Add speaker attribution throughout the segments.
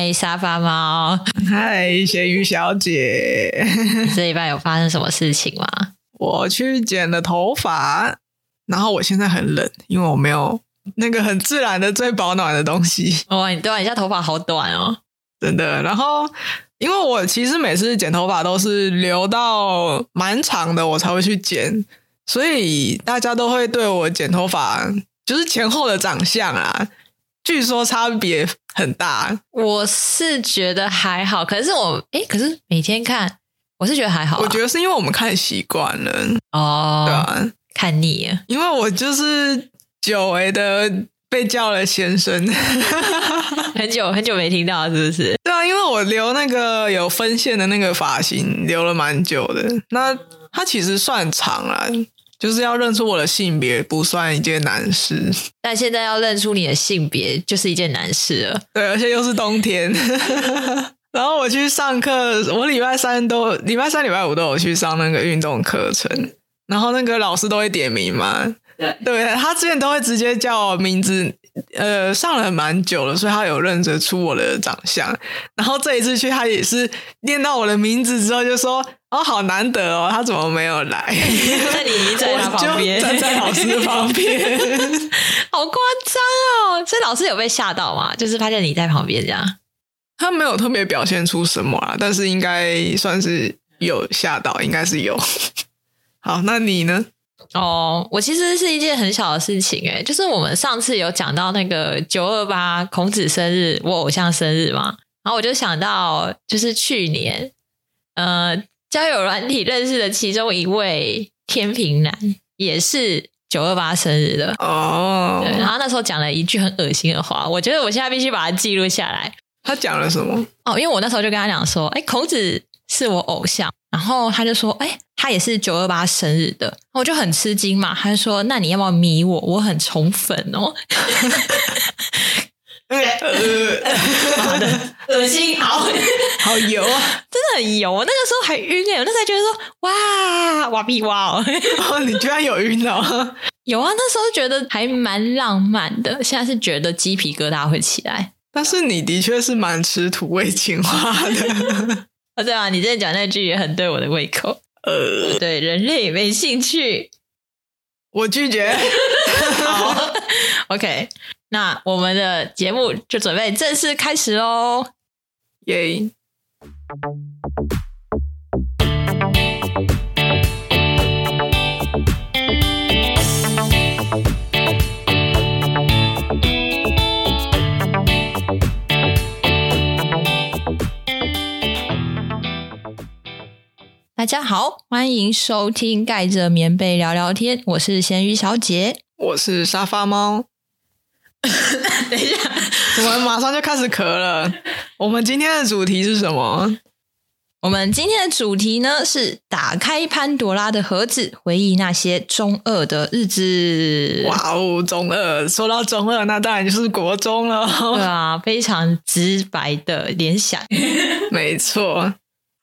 Speaker 1: 嗨，沙發貓！嗨，鹹魚小姐， 這禮拜有發生什麼事情嗎？
Speaker 2: 我去剪了頭髮，然後我現在很冷，因為我沒有那個很自然的最保暖的東西。哦，
Speaker 1: 你對啊，你現在頭髮好
Speaker 2: 短哦，真的。然後，因為我其實每次剪頭髮都是留到蠻長的，我才會去剪，所以大家都會對我剪頭
Speaker 1: 髮就是前後的長相啊。據說差別很大，我是覺得還好。可是我哎、欸，可是每天看，我是覺得還好、啊。我
Speaker 2: 覺得是因為我們看習慣了哦，對啊，看膩了，因為我就是久違、欸、的被叫了先生，
Speaker 1: 很久很
Speaker 2: 久沒聽到，是不是？對啊，因為我留那個有分線的那個髮型，留了蠻久的。那它其實算長了、啊。就是要認出我的性別不算一件難事，
Speaker 1: 但現在要認出你的性別就是一件難事了。
Speaker 2: 對，而且又是冬天， 然後我去上課，我禮拜三都禮拜三、禮拜五都有去上那個運動課程，然後那個老師都會點名嘛。對，對，他之前都會直接叫我名字，呃，上了蠻久了，所以他有認得出我的長相。然後這一次去，他也是念到我的名字之後，就說：“哦，好難得哦，他怎麼沒有來？” 那你在他旁邊，站在老師的旁邊，
Speaker 1: 好誇張哦！所以老師有被嚇到嗎？就是發現你在旁邊這樣，
Speaker 2: 他沒有特別表現出什麼啊，但是應該算是有嚇到，應該是有。
Speaker 1: 好，那你呢？哦、oh,，我其實是一件很小的事情誒、欸、就是我們上次有講到那個九二八孔子生日，我偶像生日嘛，然後我就想到，就是去年，呃，交友軟體認識的其中一位天秤男，也是九二八生日的哦、oh.，然後那時候講了一句很噁心的話，我覺得我現在必須把它記錄下來。他講了什麼？哦、oh,，因為我那時候就跟他講說，哎、欸，孔子是我偶像，然後他就說，哎、欸。他也是九二八生日的，我就很吃驚嘛。他就說：“那你要不要迷我？我很寵粉哦。 欸”惡、呃、 心熬，好 好油、啊，真的很油。那個時候還暈耶，我那時候還覺得說：“哇，哇比哇哦！” 哦，你居然有暈到、哦？有啊，那時候覺得還蠻浪漫的。現在是覺得雞皮疙瘩會起來。但是你的確
Speaker 2: 是蠻吃土味情話的。
Speaker 1: 啊， 對啊，你之前講那句也很對我的胃口。對人類沒興趣，我拒絕。 好，OK，那我們的節目就準備正式開始嘍，耶、yeah.！大家好，歡迎收聽《蓋着棉被聊聊天》，我是鹹魚小姐，我是沙發貓。
Speaker 2: 等一下，我們馬上就開始咳
Speaker 1: 了。我們今天的主題是什麼？我們今天的主題呢是打開潘朵拉的盒子，回憶那些中二的日子。哇哦，中二！說到中二，那當然就是國中了。對啊，非常直白的聯想。 沒錯。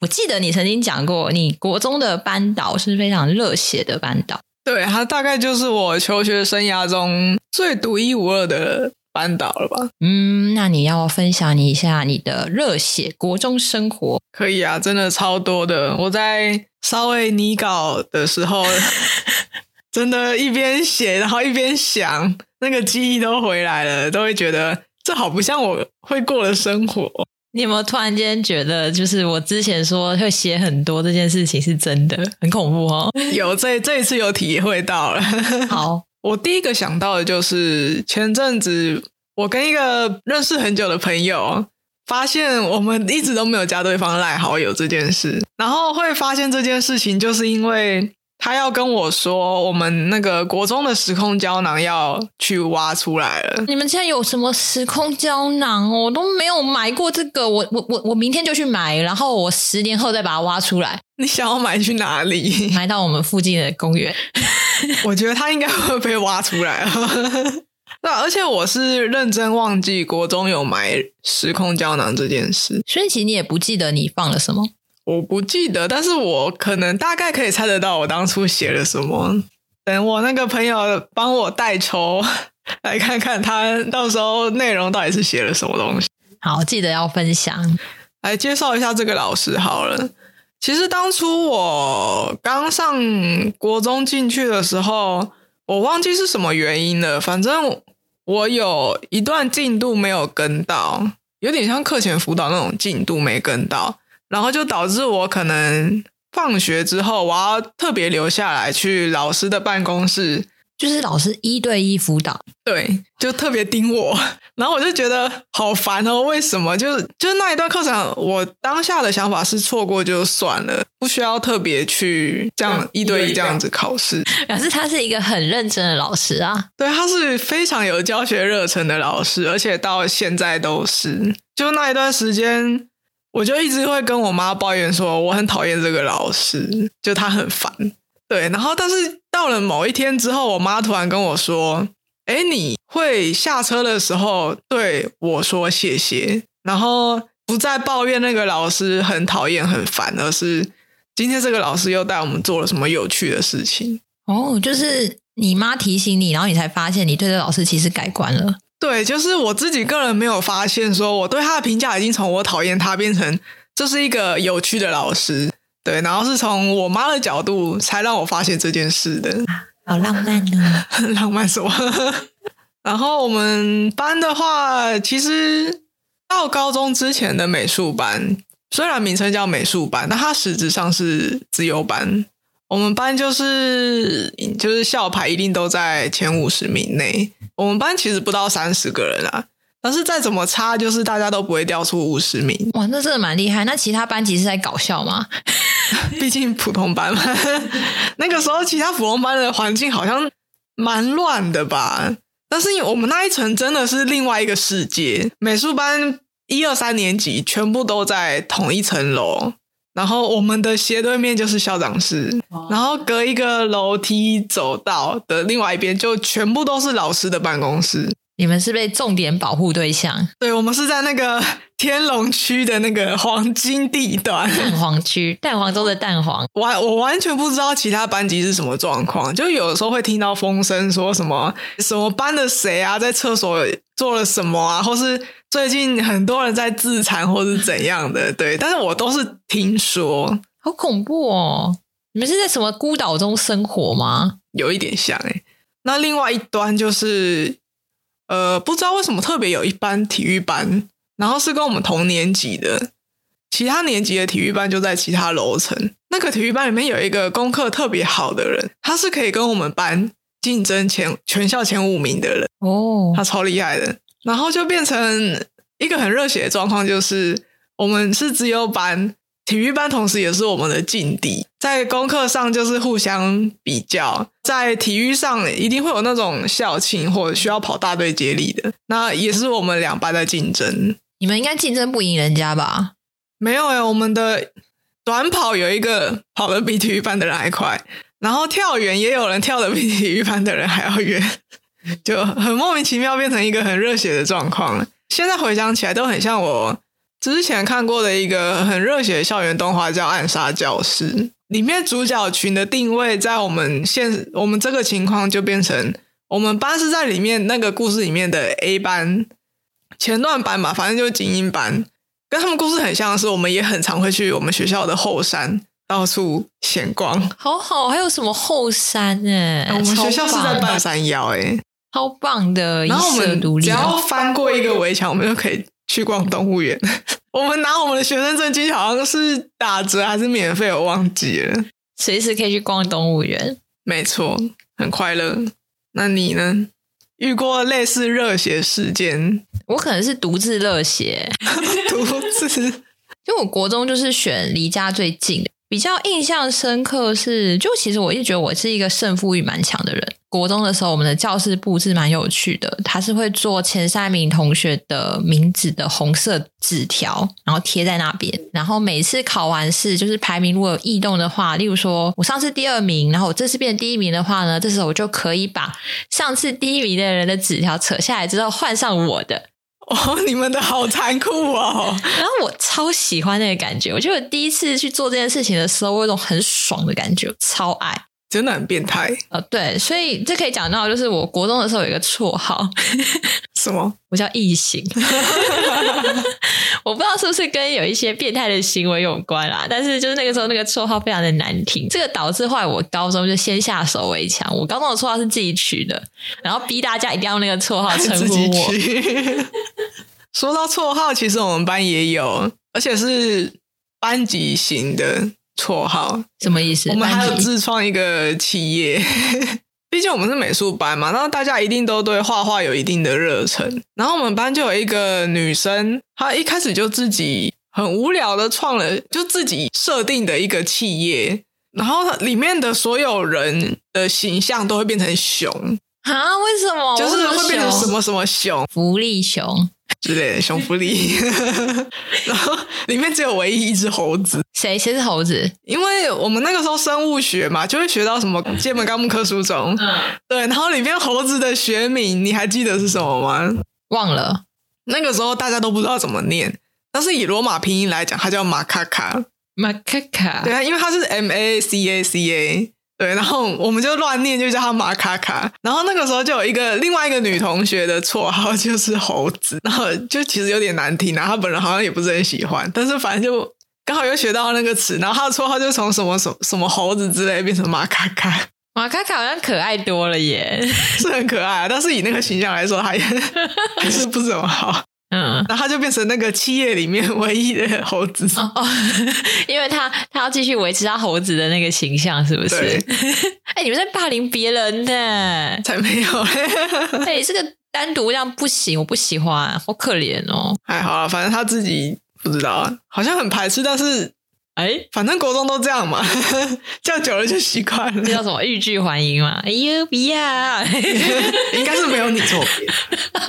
Speaker 1: 我記得你曾經講過，你國中的班導是，是非常熱血的班導，
Speaker 2: 對，他大概就是我求學生涯中最獨一無二的班導了吧？
Speaker 1: 嗯，那你要分享你一下你的熱血國中生活？
Speaker 2: 可以啊，真的超多的。我在稍微擬稿的時候， 真的，一邊寫，然後一邊想，那個記憶都回來了，都會覺得這好不像我會過的生活。
Speaker 1: 你有沒有突然間覺得，就是我之前說會寫很多這件事情是真的，很恐怖哦？
Speaker 2: 有，這這一次有體會到了。 好，我第一個想到的就是前陣子我跟一個認識很久的朋友，發現我們一直都沒有加對方賴好友這件事，然後會發現這件事情，就是因為。他要跟我說，我們那個國中的時空膠囊要去挖出來了。
Speaker 1: 你們現在有什麼時空膠囊？我都沒有買過這個，我我我我明天就去買，然後我十年後再把它挖出來。你想要買去哪裡？埋到我們附近的公園。
Speaker 2: 我覺得他應該會被挖出來了。那、 啊、而且我是認真忘記國中有買時空膠囊這件事。所以其實，你也不記得你放了什麼？我不記得，但是我可能大概可以猜得到我當初寫了什麼。等我那個朋友幫我代抽，來看看他到時候內容到底是寫了什麼東西。好，記得
Speaker 1: 要分享，
Speaker 2: 來介紹一下這個老師好了。其實當初我剛上國中進去的時候，我忘記是什麼原因了。反正我有一段進度沒有跟到，有點像課前輔導那種進度沒跟到。然後就導致我可能放學之後，我要特別留下來去老師的辦公室，就是老師一對
Speaker 1: 一輔導，
Speaker 2: 對，就特別盯我。然後我就覺得好煩哦，為什麼？就是就那一段課程，我當下的想法是錯過就算了，不需要特別去這樣對一對一這樣子考試。可是，啊、他是一個很認真
Speaker 1: 的老師啊，
Speaker 2: 對，他是非常有教學熱忱的老師，而且到現在都是。就那一段時間。我就一直會跟我媽抱怨說我很討厭這個老師，就她很煩。對，然後但是到了某一天之後，我媽突然跟我說：“哎，你會下車的時候對我說謝謝，然後不再抱怨那個老師很討厭很煩，而是今天這個老師又帶我們做了什麼有趣的事情。”
Speaker 1: 哦，就是你媽提醒你，然後你才發現你對這個老師其實改觀了。
Speaker 2: 對，就是我自己個人沒有發現，說我對他的評價已經從我討厭他變成這是一個有趣的老師，對，然後是從我媽的角度才讓我發現這件事的，好浪漫啊、哦， 浪漫什麼？ 然後我們班的話，其實到高中之前的美術班，雖然名稱叫美術班，但它實質上是自由班。我們班就是就是校排一定都在前五十名內。我們班其實不到三十個人啊，但是再怎麼差，就是大家都不會掉
Speaker 1: 出五十名。哇，那真的蠻厲害。那其他班級是在搞笑嗎？ 畢竟普
Speaker 2: 通班嘛。 那個時候，其他普通班的環境好像蠻亂的吧？但是我們那一層真的是另外一個世界。美術班一二三年級全部都在同一層樓。然後我們的斜對面就是校長室，oh. 然後隔一個樓梯走道的另外一邊就全部都
Speaker 1: 是老師的辦公室。你們是被重點保護對象？對，
Speaker 2: 我們是在那個。天龍區的那個黃金地段，蛋黃區蛋黃中的蛋黃，我，我完全不知道其他班級是什麼狀況，就有的時候會聽到風聲說什麼什麼班的誰啊在廁所做了什麼啊，或是最近很多人在自殘或是怎樣的，對，但是我都是聽說。
Speaker 1: 好恐怖哦！你們是在什麼孤島中生活嗎？有一點像誒，
Speaker 2: 那另外一端就是，呃，不知道為什麼特別有一班體育班。然後是跟我們同年級的，其他年級的體育班就在其他樓層。那個體育班裡面有一個功課特別好的人，他是可以跟我們班競爭前全校前五名的人。哦，他超厲害的。然後就變成一個很熱血的狀況，就是我們是資優班，體育班同時也是我們的勁敵。在功課上就是互相比較，在體育上一定會有那種校慶或者需要跑大隊接力的，那也是我們兩班在競爭。
Speaker 1: 你們應該競爭不贏人家吧？
Speaker 2: 沒有哎、欸，我們的短跑有一個跑得比體育班的人還快，然後跳遠也有人跳得比體育班的人還要遠，就很莫名其妙變成一個很熱血的狀況。現在回想起來，都很像我之前看過的一個很熱血的校園動畫叫《暗殺教室》，裡面主角群的定位在我們現我們這個情況就變成我們班是在裡面那個故事裡面的 A 班。前段班嘛，反正就是精英班，跟他們故事很像的是，我們也很常會去我們學校的後山到處閒逛，
Speaker 1: 好好，還有什麼後山哎、欸？啊？我們學校是在半山腰哎、欸，超棒的，然後我們只要翻
Speaker 2: 過一個圍牆，我們就可以去逛動物園。 我們拿我們的學生證進去，好像是打折還是免費，我忘記了。隨時可以去逛動物園，沒錯，很快樂。那你呢？遇過類似熱血事件，
Speaker 1: 我可能是獨自熱血、欸，獨 獨自。因為我國中就是選離家最近的。比較印象深刻是，就其實我一直覺得我是一個勝負欲蠻強的人。國中的時候，我們的教室布置蠻有趣的。它是會做前三名同學的名字的紅色紙條，然後貼在那邊。然後每次考完試，就是排名如果有異動的話，例如說我上次第二名，然後我這次變第一名的話呢，這時候我就可以把上次第一名的人的紙條扯下來，之後換上我的。哦，你們的好殘酷哦！ 然後我超喜歡那個感覺。我覺得我第一次去做這件事情的時候，我有種很爽的感覺，超愛。真的很變態啊、哦！對，所以這可以講到，就是我國中的時候有一個綽號，什麼？ 我叫異異形。 我不知道是不是跟有一些變態的行為有關啦、啊，但是就是那個時候那個綽號非常的難聽，這個導致後來我高中就先下手為強。我高中的綽號是自己取的，然後逼大家一定要用那個綽號稱呼我。
Speaker 2: 說到綽號，其實我們班也有，而且是班級型的。綽
Speaker 1: 號什麼意
Speaker 2: 思？我們還有自創一個企業，畢 竟我們是美術班嘛，然後大家一定都對畫畫有一定的熱忱。然後我們班就有一個女生，她一開始就自己很無聊的創了，就自己設定的一個企業，然後裡面的所有人的形象都會變成熊
Speaker 1: 啊，為什麼？就是會變成什麼
Speaker 2: 什麼熊？福利熊。之類的，熊福利， 然後裡面只有唯一一只猴子。誰誰是猴子？因為我們那個時候生物學嘛，就會學到什麼界門綱目科屬種。嗯，對。然後裡面猴子的學名，你還記得是什麼嗎？忘了。那個時候大家都不知道怎麼念，但是以羅馬拼音來講，它叫馬卡卡。馬卡卡。對啊，因為它是 M A C A C A, -A。對，然後我們就亂念，就叫他馬卡卡。然後那個時候就有一個另外一個女同學的綽號就是猴子，然後就其實有點難聽啊，然後她本人好像也不是很喜歡，但是反正就剛好又學到那個詞，然後她的綽號就從什麼什什麼猴子之類變成馬卡卡。
Speaker 1: 馬卡卡好像可愛多了耶， 是很可愛啊，但是以那個形象來說，她也還是不怎麼
Speaker 2: 好。嗯，那他就變成那個企業裡面唯一的猴子哦，
Speaker 1: 哦，因為他他要繼續維持他猴子的那個形象，是不是？哎、欸，你們在霸凌別人呢？才沒有、欸！哎、欸，這個單獨這樣不行，我不喜歡，好可憐哦。還、哎、好啊，反正他自己
Speaker 2: 不知道啊，好像很排斥，但是。哎、欸，反正國中都這樣嘛，
Speaker 1: 叫久了就習慣了。這叫什麼？欲拒還迎嘛？哎呦，不要。應該是沒有你作別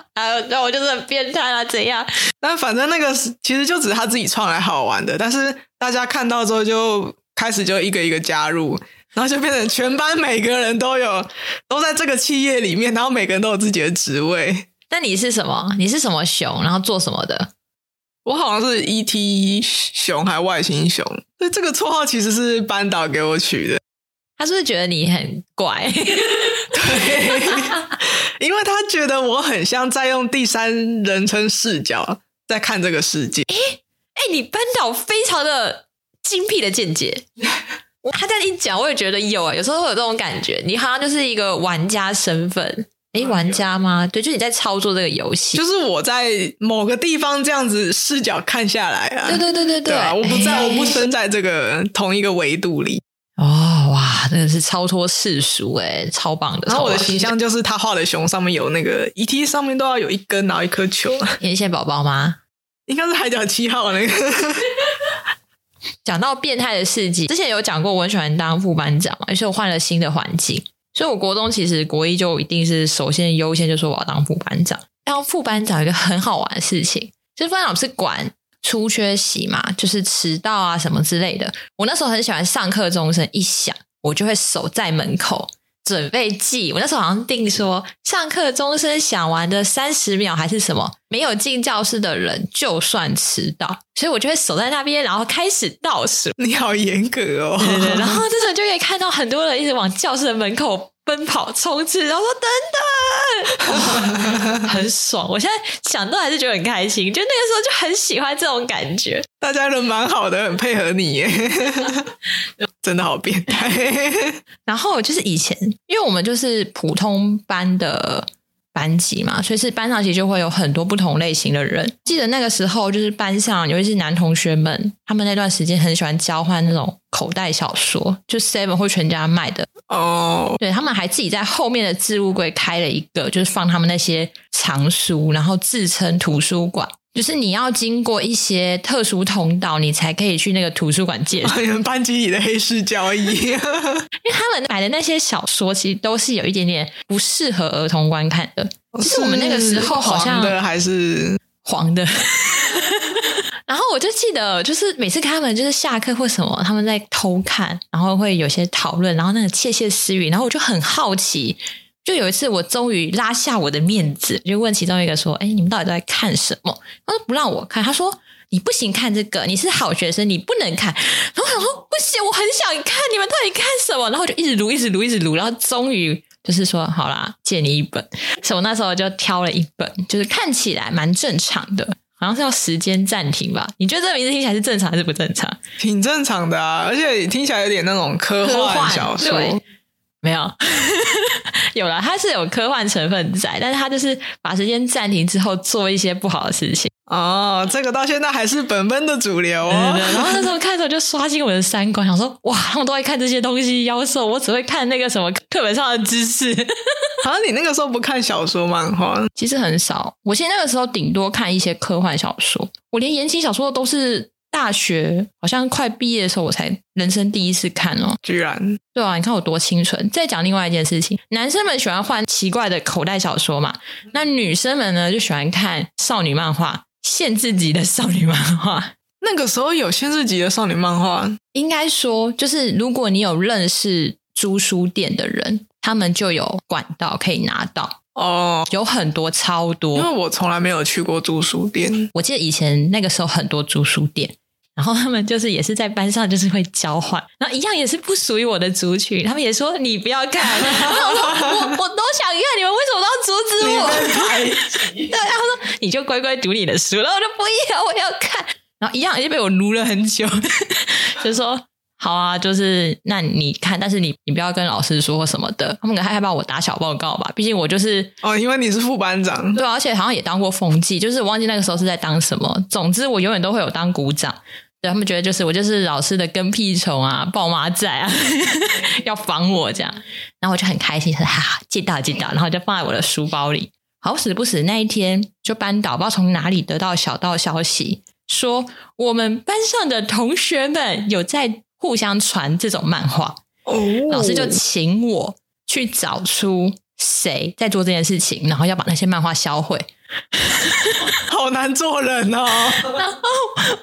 Speaker 1: 啊，那我就是很變態啊，怎樣？但反正那個其
Speaker 2: 實就只是他自己創來好玩的，但是大家看到之後就開始就一個一個加入，然後就變成全班每個人都有，都在這個企業裡面，然後每個人都有自己的職位。
Speaker 1: 那你是什麼？你是什麼熊？然後做什麼的？
Speaker 2: 我好像是 ET 熊，還外星熊。對，這個綽號其實是班導給我取的。
Speaker 1: 他是不是覺得你很怪？ 對，因
Speaker 2: 為他覺得我很像在用第三人稱視角在看這個世界。哎、
Speaker 1: 欸欸、你班導非常的精闢的見解。他這樣一講，我也覺得有啊、欸，有時候會有這種感覺，你好像就是一個玩家身份。誒，玩家嗎？對，就你在操作這個遊戲，就是我在某個地方這樣子視角看下來、啊。對對對對對，對啊欸、我不在、欸，我不生在這
Speaker 2: 個同一個維度裡。哦
Speaker 1: 哇，真的是超脫世俗哎、欸，超棒的超棒。然後我的形象
Speaker 2: 就是他畫的熊上面
Speaker 1: 有那個一 T，上面都要有一根，然後一顆球。天線寶寶嗎？應該是海角七號那個。 講到變態的事蹟，之前有講過我很喜歡當副班長嘛，而且我換了新的環境。所以，我國中其實國一就一定是首先優先，就說我要當副班長。當副班長一個很好玩的事情，就是副班長不是管出缺席嘛，就是遲到啊什麼之類的。我那時候很喜歡上課，鐘聲一響，我就會守在門口。準備記，我那時候好像定說，上課鐘聲響完的三十秒還是什麼，沒有進教室的人就算遲到，所以我就會守在那邊，然後開始倒數。你好
Speaker 2: 嚴格哦。對對對，然後這時
Speaker 1: 候就可以看到很多人一直往教室的門口。奔跑衝刺，然後說等等，很爽。我現在想都還是覺得很開心，就那個時候就很喜歡這種感覺。
Speaker 2: 大家人蠻好的，很配合你耶， 真的好變態。
Speaker 1: 然後就是以前，因為我們就是普通班的。班級嘛，所以是班上其實就會有很多不同類型的人。記得那個時候，就是班上尤其是男同學們，他們那段時間很喜歡交換那種口袋小說，就 Seven 或全家賣的哦。Oh. 對，他們還自己在後面的置物櫃開了一個，就是放他們那些藏書，然後自稱圖書館。就是你要經過一些特殊通道，你才可以去那個圖書館借。班級裡的黑市交易，因為他們買的那些小說，其實都是有一點點不適合兒童觀看的。就是我們那個時候，黃的還
Speaker 2: 是黃的？
Speaker 1: 然後我就記得，就是每次看他們就是下課或什麼，他們在偷看，然後會有些討論，然後那個竊竊私語，然後我就很好奇。就有一次，我終於拉下我的面子，就問其中一個說：“哎，你們到底在看什麼？”他說：“不讓我看。”他說：“你不行，看這個，你是好學生，你不能看。”然後我說：“不行，我很想看，你們到底看什麼？”然後就一直盧，一直盧，一直盧，然後終於就是說：“好啦，借你一本。”所以我那時候就挑了一本，就是看起來蠻正常的，好像是要時間暫停吧？你覺得這個名字聽起來是正常還是不正常？挺正常的啊，而且聽起來有點那種科幻小說。沒 有，有了，他是有科幻成分在，但是他就是把時間暫停之後做一些不好的事情。哦，這個到現在還
Speaker 2: 是本本的主流哦、啊嗯嗯、
Speaker 1: 然後那時候看的時候就刷新我的三觀， 想說哇，他們都愛看這些東西，妖獸，我只會看那個什麼課本上的知識。好 像、啊、你那個時候不看小說漫畫，哦、 其實很少。我現在那個時候頂多看一些科幻小說，我連言情小說的都是。大學好像快畢業的時候，我才人生第一次看哦。居然。對啊，你看我多清純。再講另外一件事情，男生們喜歡換奇怪的口袋小說嘛，那女生們呢，就喜歡看少女漫畫，限制級的少女漫畫。那個時候有限制級的少女漫畫，應該說就是如果你有認識租書店的人，他們就有管道可以拿到。哦、oh，有很多超多，因為我從來沒有去過租書店。我記得以前那個時候很多租書店，然後他們就是也是在班上就是會交換，然後一樣也是不屬於我的族群，他們也說你不要看，啊 然後我，我說我都想看，你們為什麼都要阻止我？們 對，啊，然後說你就乖乖讀你的書，然後我就不要，我要看，然後一樣也被我盧了很久， 就說。好啊，就是那你看，但是你你不要跟老師說什麼的，他們可能害怕我打小報告吧。畢竟我就是哦，因為你是副班長，對，而且好像也當過風紀，就是我忘記那個時候是在當什麼。總之，我永遠都會有當鼓掌，對，他們覺得就是我就是老師的跟屁蟲啊，報馬仔啊， 要防我這樣。然後我就很開心，哈哈，記、啊、到記到，然後就放在我的書包裡。好死不死，那一天就班導不知道從哪裡得到小道消息，說我們班上的同學們有在。互相傳這種漫畫、哦，老師就請我去找出誰在做這件事情，然後要把那些漫畫銷毀。好難做人哦！ 然後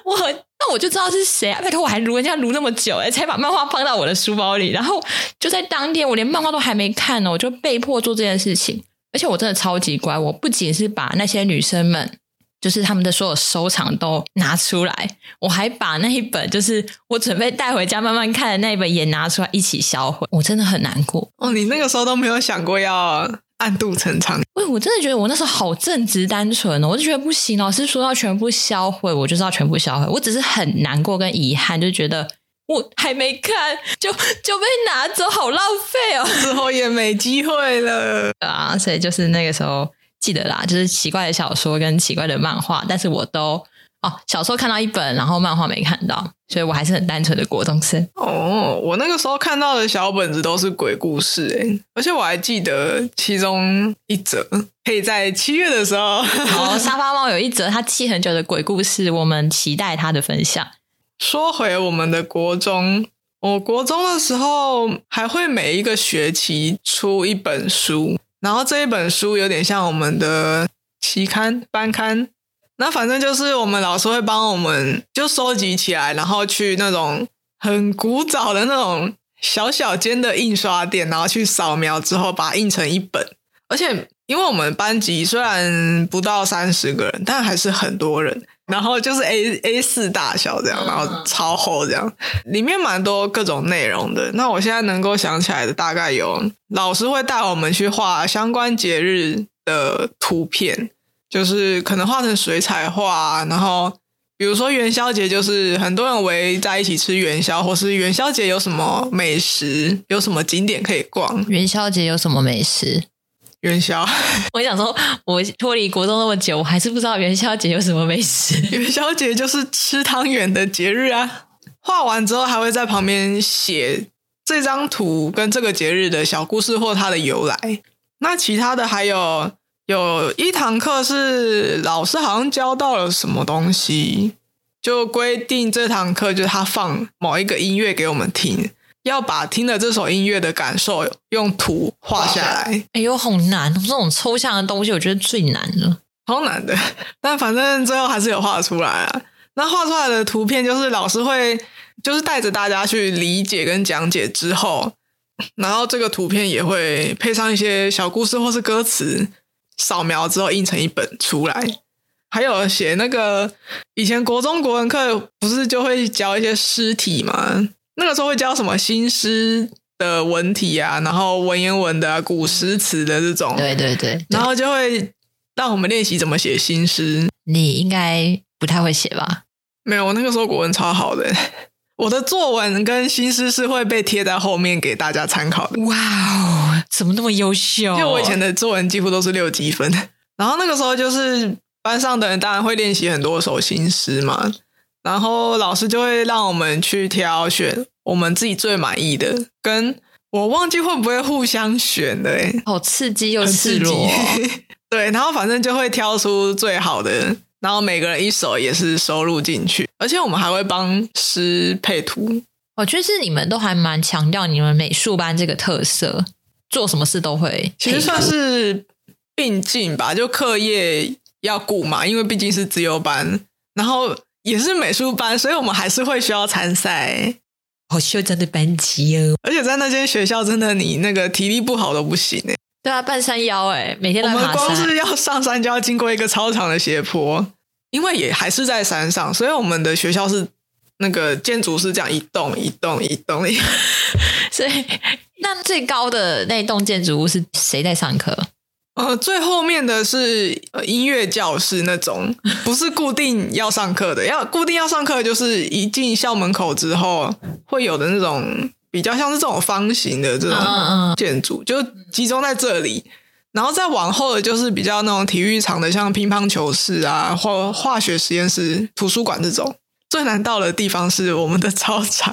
Speaker 1: 我，那我就知道是誰、啊。拜託，我還盧人家盧那麼久、欸，哎，才把漫畫放到我的書包裡。然後就在當天，我連漫畫都還沒看呢、喔，我就被迫做這件事情。而且我真的超級乖，我不僅是把那些女生們。就是他們的所有收藏都拿出來，我還把那一本就是我準備帶回家慢慢看的那一本也拿出來一起銷毀。我真的很難過哦，你那個時候都沒有想過要暗度陳倉？喂，我真的覺得我那時候好正直單純哦，我就覺得不行哦，老師說要全部銷毀，我就是要全部銷毀。我只是很難過跟遺憾，就覺得我還沒看就就被拿走，好浪費哦，之後也沒機會了 對啊。所以就是那個時候。記得啦，就是奇怪的小說跟奇怪的漫畫，但是我都哦，小說看到一本，然後漫畫沒看到，所以我還是很單純的國中生。
Speaker 2: 哦，我那個時候看到的小本子都是鬼故事，哎，而且我還記得其中一則，
Speaker 1: 可以在七月的時候， 沙發貓有一則他記很久的鬼故事，我們期待他的分享。說
Speaker 2: 回我們的國中，我
Speaker 1: 國中的時候
Speaker 2: 還會每一個學期出一本書。然後這一本書有點像我們的期刊班刊，那反正就是我們老師會幫我們就收集起來，然後去那種很古早的那種小小間的印刷店，然後去掃描之後把它印成一本。而且因為我們班級雖然不到三十個人，但還是很多人。然後就是 A A4 大小這樣，然後超厚這樣，裡面蠻多各種內容的。那我現在能夠想起來的大概有，老師會帶我們去畫相關節日的圖片，就是可能畫成水彩畫。然後比如說元宵節，就是很多人圍在一起吃元宵，或是元宵節有什麼美食，
Speaker 1: 有什麼景點可以逛。元宵節有什麼美食？元宵， 我想說，我脫離國中那麼久，我還是不知道元宵節有什麼美食。元宵節就是
Speaker 2: 吃湯圓的節日啊。畫完之後還會在旁邊寫這張圖跟這個節日的小故事或它的由來。那其他的還有，有一堂課是老師好像教到了什麼東西，就規定這堂課就是他放某一個音樂給我們聽。要把聽了這首音樂的感受用圖畫下來，
Speaker 1: 哎呦好難！這種抽象的東西，我覺得最難了，好難的。但反正最後還
Speaker 2: 是有畫出來啊。那畫出來的圖片就是老師會，就是帶着大家去理解跟講解之後，然後這個圖片也會配上一些小故事或是歌詞，掃描之後印成一本出來。還有寫那個以前國中國文課不是就會教一些詩體嗎？那個時候會教什麼新詩的文體啊，然後文言文的，啊、古詩詞的這種，對對、對對對，然後就會讓我們練習怎麼寫新
Speaker 1: 詩。你應該不太會寫吧？
Speaker 2: 沒有，我那個時候國文超好的，我的作文跟新詩是會被貼在後面給大家參考的。哇哦，怎麼那麼優秀？因為我以前的作文幾乎都是六級分。然後那個時候就是班上的人當然會練習很多首新詩嘛。然後老師就會讓我們去挑選我們自己最滿意的，跟我忘記會不會互相選的哎，好、哦、刺激又刺激！ 對，然後反正就會挑出最好的，然後每個人一首也是收入進去，而且我們還會幫詩配圖。
Speaker 1: 我覺得是你們都還蠻強調你們美術班這個特色，做什麼事都會。其實算
Speaker 2: 是並進吧，就課業要顧嘛，因為畢竟是自由班，然後。也是美術班，所以我們還是會需要參賽。
Speaker 1: 好需真的班級哦。而且
Speaker 2: 在那間學校，真的你那個體力不好都不行耶，
Speaker 1: 對啊，半山腰哎，每天我們光是
Speaker 2: 要上山就要經過一個超長的斜坡，因為也還是在山上，所以我們的學校是那個建築是這樣一棟一棟一棟一棟一。
Speaker 1: 所以那最高的那棟建築物是誰在上課？呃，最後
Speaker 2: 面的是，呃，音樂教室那種，不是固定要上課的，要固定要上課的就是一進校門口之後會有的那種比較像是這種方形的這種建築，就集中在這裡。然後再往後的就是比較那種體育場的，像乒乓球室啊或化學實驗室、圖書館這種。最難到的地方是我們的操場，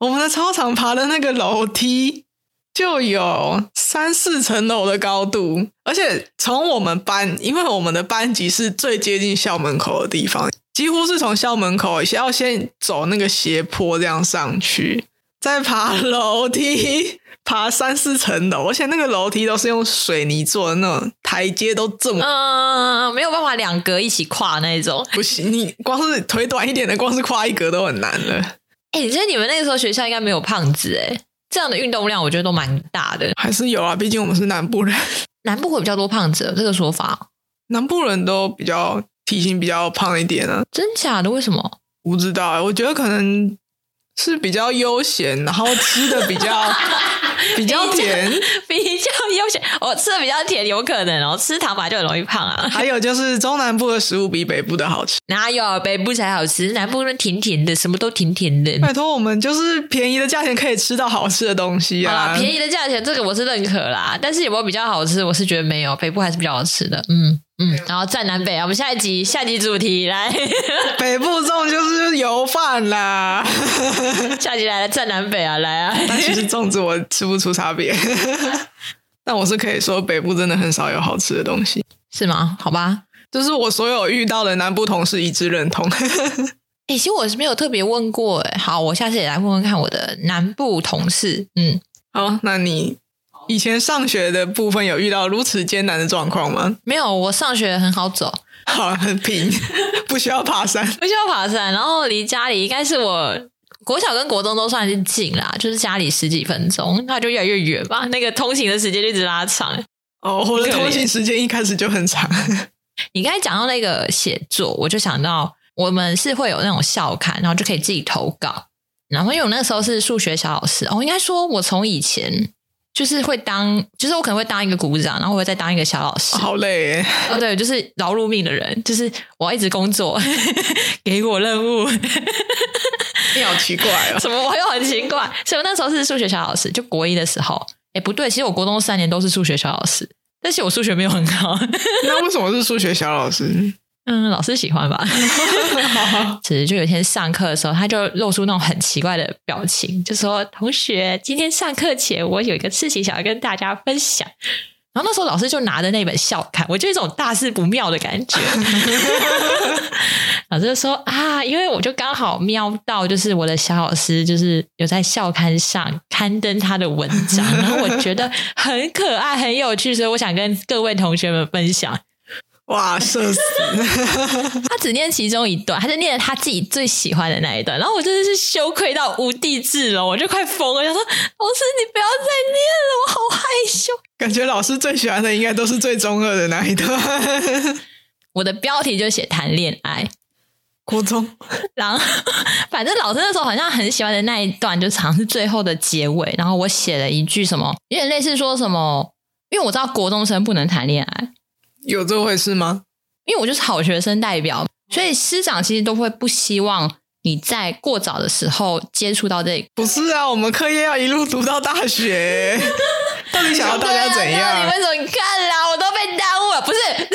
Speaker 2: 我們的操場爬的那個樓梯。就有三四層樓的高度，而且從我們班，因為我們的班級是最接近校門口的地方，幾乎是從校門口要先走那個斜坡，這樣上去，再爬樓梯，爬三四層樓，而且那個樓梯都是用水泥做的，那種台階都
Speaker 1: 這麼嗯，沒有辦法兩格一起跨，那種，不行，你光是腿短一點的，光是跨一格都很難了。哎、欸，你覺得你們那個時候學校應該沒有胖子哎、欸？這樣的運動量，我覺得都蠻大的，還是有啊。畢竟我們是南部人，南部會比較多胖子這個說
Speaker 2: 法，南部人都比較體型比較胖一點啊。真假的？為什麼？不知道，我覺得可能是比較悠閒，然後吃的比較。
Speaker 1: 比較甜、欸，比較悠閒，我吃的比較甜，有可能哦、喔。吃糖吧就很容易胖啊。還有
Speaker 2: 就是中南部的食物比北部的好吃，
Speaker 1: 哪有，北部才好吃。南部都甜甜的，什麼都甜甜的。拜託，我們就是便宜的價錢可以吃到好吃的東西啊！便宜的價錢，這個我是認可啦，但是有沒有比較好吃？我是覺得沒有，北部還是比較好吃的。嗯。嗯，然後戰南北啊，我們下一集，下一集主題來， 北部粽就是油飯啦。 下集來了，戰南北啊，來啊。 但其實粽子我
Speaker 2: 吃不出差別， 但我是可以說北部真的很少有好吃的東西，是嗎？好吧，這、就是我所有遇到的南部同事一致認同。
Speaker 1: 欸、其實我是沒有特別問過，哎，好，我下次也來問問看我的南部同事。嗯，
Speaker 2: 好，那你。以前上學的部分有遇到如此艱難的狀況嗎？
Speaker 1: 沒有，我上學很好走，
Speaker 2: 好、啊、很平， 不需要爬山，
Speaker 1: 不需要爬山。然後離家裡應該是我國小跟國中都算是近啦，就是家裡十幾分鐘。那就越來越遠吧，那個通勤的時間就一直拉長。哦、oh，我的通勤時間一開始就很長。 你剛才講到那個寫作，我就想到我們是會有那種校刊，然後就可以自己投稿。然後因為我那個時候是數學小老師哦，我應該說我從以前。就是會當，就是我可能會當一個股長，然後我會再當一個小老師，哦、好累耶、哦。對，就是勞碌命的人，就是我要一直工作， 給我任務。
Speaker 2: 你好奇怪哦、啊，什麼我又很奇
Speaker 1: 怪？所以我那時候是數學小老師，就國一的時候。哎，不對，其實我國中三年都是數學小老師，但是我數學沒有很好。
Speaker 2: 那 為什麼是數學小老師？
Speaker 1: 嗯，老師喜歡吧？其 實就有一天上課的時候，他就露出那種很奇怪的表情，就說：“同學，今天上課前我有一個事情想要跟大家分享。”然後那時候老師就拿着那本校刊，我就有種大事不妙的感覺。 老師就說：“啊，因為我就剛好瞄到，就是我的小老師就是有在校刊上刊登他的文章，然後我覺得很可愛、很有趣，所以我想跟各位同學們分享。”哇，社死！他只念其中一段，他就念了他自己最喜歡的那一段。然後我真的是羞愧到無地自容，我就快瘋了，我說：“老師，你不要再念了，我好害羞。”
Speaker 2: 感覺老師最喜歡的應該都是最中二的那一段。
Speaker 1: 我的標題就寫“談戀愛”，國中。然後反正老師那時候好像很喜歡的那一段，就常是最後的結尾。然後我寫了一句什麼，有點類似說什麼，因為我知道國中生不能談戀愛。有這回事嗎？因為我就是好學生代表，所以師長其實都會不希望你在過早的時候接觸到這。不是啊，我們課業要一路讀到大學， 到底想要大家怎樣？ 啊、為什麼你看啦、啊？我都被耽誤了，不是，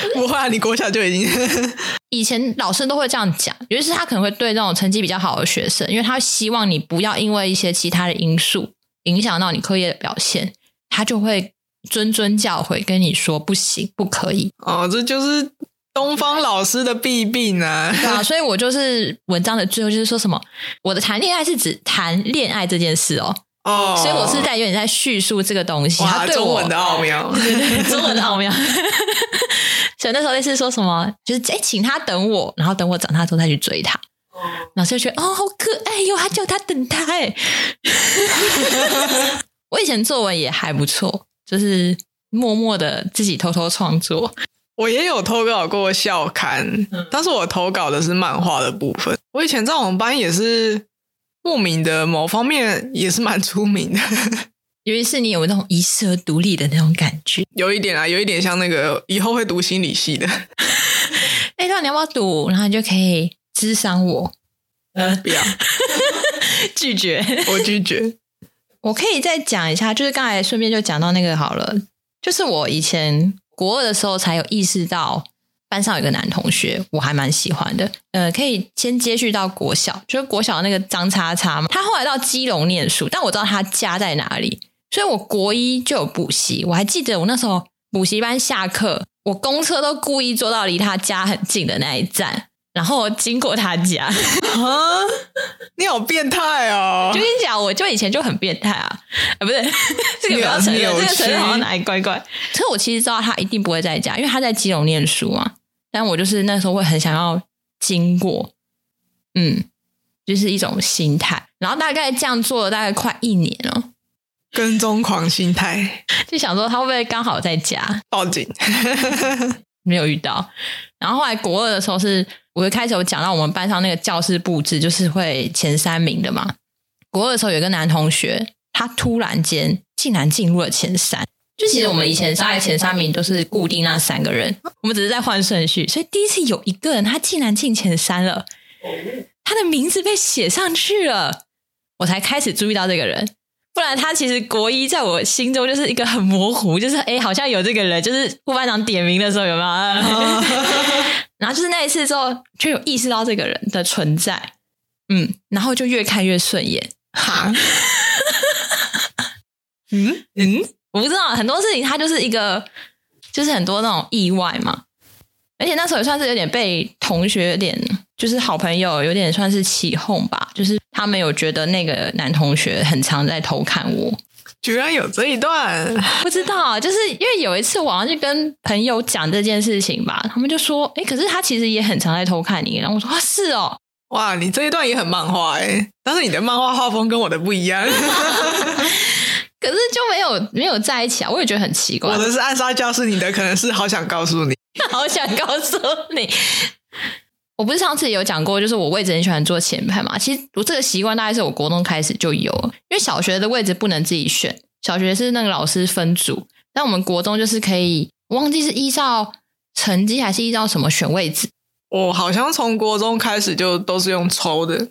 Speaker 1: 不
Speaker 2: 是？不會啊，你國小就已
Speaker 1: 經。 以前老師都會這樣講，尤其是他可能會對這種成績比較好的學生，因為他希望你不要因為一些其他的因素影響到你課業的表現，他就會。諄諄教誨跟你說不行不可以哦，這就是東方老師的弊病啊！ 啊，所以我就是文章的最後就是說什麼，我的談戀愛是指談戀愛這件事哦。哦，所以我是在有點在敘述這個東西。哇，中文的奧妙，中文的奧妙。對對對，中文的奧妙 所以那時候類似說什麼，就是哎，請他等我，然後等我長大之後再去追他。老、哦、師就覺得哦，好可愛、哦，哎呦，還叫他等他哎。 我以前作文也還不錯。就是默默的自己偷偷創作，我也有投稿過校刊，嗯，但是我投稿的是
Speaker 2: 漫畫的部分。我以前在我們班也是莫名的某方面也是
Speaker 1: 蠻出名
Speaker 2: 的， 尤其
Speaker 1: 是你有那種遺世獨立的那種感
Speaker 2: 覺，有一點啊，有一點像那個以後會讀心理系的，
Speaker 1: 那 那、欸、你要不要讀？然後你就可以諮商我。呃、嗯，不要，
Speaker 2: 拒絕，我拒絕。
Speaker 1: 我可以再講一下，就是剛才順便就講到那個好了，就是我以前國二的時候才有意識到班上有一個男同學，我還蠻喜歡的。呃，可以先接續到國小，就是國小那個張叉叉嘛，他後來到基隆念書，但我知道他家在哪裡，所以我國一就有補習。我還記得我那時候補習班下課，我公車都故意坐到離他家很近的那一站。然後經過他家， 你好變態哦！就跟你講，我就以前就很變態啊！啊，不是這個比較有趣，這個承認好像哪裡怪怪。所以，其我其實知道他一定不會在家，因為他在基隆念書嘛。但我就是那時候會很想要經過，嗯，就是一種心態。然後大概這樣做了大概快一年了，跟蹤狂心態，就想說他會不會剛好在家？報警。 沒有遇到。然後後來國二的時候是。我就開始有講到，讓我們班上那個教室佈置就是會前三名的嘛。國二的時候，有一個男同學，他突然間竟然進入了前三。就其實我們以前三個前三名都是固定那三個人，我們只是在換順序。所以第一次有一個人，他竟然進前三了，他的名字被寫上去了，我才開始注意到這個人。不然他其實國一在我心中就是一個很模糊，就是哎、欸，好像有這個人，就是副班長點名的時候有沒有啊？ 然後就是那一次之後，就有意識到這個人的存在，嗯，然後就越看越順眼。哈， 嗯嗯，我不知道很多事情，他就是一個，就是很多那種意外嘛。而且那時候也算是有點被同學，有點就是好朋友，有點算是起哄吧，就是他們有覺得那個男同學很常在偷看我。居然有這一段，不知道，就是因為有一次我好像去跟朋友講這件事情吧，他們就說：“哎、欸，可是他其實也很常在偷看你。”然後我說：“
Speaker 2: 是哦，哇，你這一段也很漫畫哎、欸，但是你的漫畫畫風跟我的不一樣。 ”
Speaker 1: 可是就沒有沒有在一起啊，我也覺得很奇怪。我的是
Speaker 2: 暗殺教室，你的可能是好想告訴你，
Speaker 1: 好想告訴你。 我不是上次有講過，就是我位置很喜歡坐前排嘛。其實我這個習慣大概是我國中開始就有了，因為小學的位置不能自己選，小學是那個老師分組。但我們國中就是可以，忘記是依照成績還是依照什麼選位置。我、哦、好像從國中
Speaker 2: 開始就都是用抽的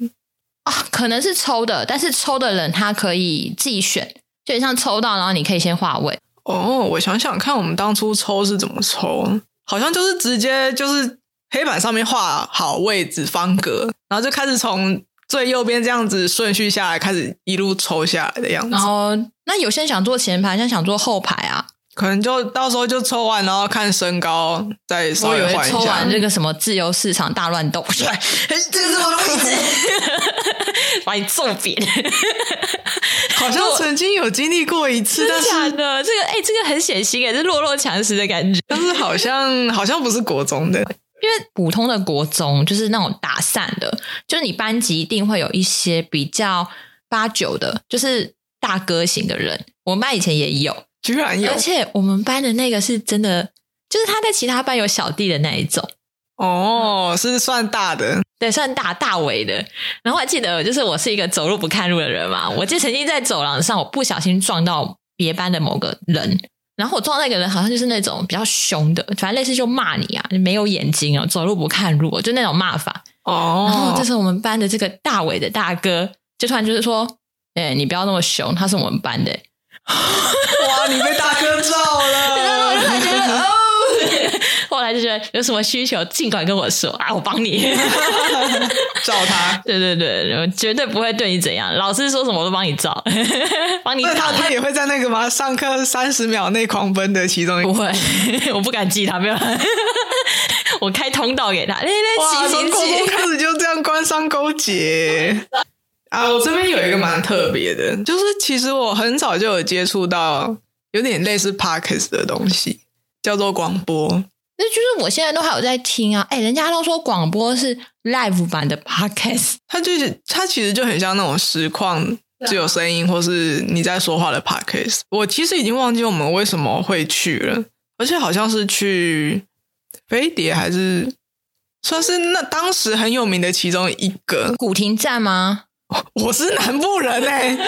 Speaker 1: 啊，可能是抽的，但是抽的人他可以自己選，就很像抽到然後你可以先劃位。哦，我想想看，我們當初抽是怎麼抽？
Speaker 2: 好像就是直接就是。黑板上面畫好位置方格，然後就開始從最右邊這樣子順序下來，開始一路抽下來的樣子。
Speaker 1: 然後，那有些人想坐前排，像想坐後排啊，
Speaker 2: 可能就到時候就抽完，
Speaker 1: 然後看身高再稍微換一下，抽完這個什麼自由市場大亂鬥。哎，這是我的位置，把你揍扁。好像曾經有經歷過一次，但是真的，這個哎、欸，這個很顯性，也是弱肉強食的感覺。 但是好像好像不是國中的。因為普通的國中就是那種打散的，就是你班級一定會有一些比較八九的，就是大哥型的人。我們班以前也有，居然有，而且我們班的那個是真的，就是他在其他班有小弟的那一種。哦，是算大的，對，算大，大尾的。然後我還記得，就是我是一個走路不看路的人嘛，我就曾經在走廊上，我不小心撞到別班的某個人。然後我撞那個人，好像就是那種比較兇的，反正類似就罵你啊，你沒有眼睛哦，走路不看路，就那種罵法。哦、oh.，然後這是我們班的這個大尾的大哥，就突然就是說，哎、欸，你不要那麼兇，他是我們班的、欸。 哇，你被大哥罩了！ 就是，有什麼需求，儘管跟我說啊，我幫你 找他。對對對，我絕對不會對你怎樣。老師說什麼我都幫你找，幫你找。那他他也
Speaker 2: 會在那個嗎？ 上課三十秒內狂奔的其中一個不會，
Speaker 1: 我不敢記他。沒有， 我開通道給他。哇來，從國中開始
Speaker 2: 就這樣官商勾結 啊！我這邊有一個蠻特別的，就是其實我很早就有接觸到有點類似 Podcast 的東西，叫做廣播。
Speaker 1: 那這是我現在都還有在聽啊！哎，人家都說廣播是 live 版的 podcast，
Speaker 2: 它就是它其實就很像那種實況，只有聲音、啊、或是你在說話的 podcast。我其實已經忘記我們為什麼會去了，而且好像是去飛碟還是算是那當時很有名的其中一個
Speaker 1: 古亭站嗎？我是南
Speaker 2: 部人嘞、
Speaker 1: 欸。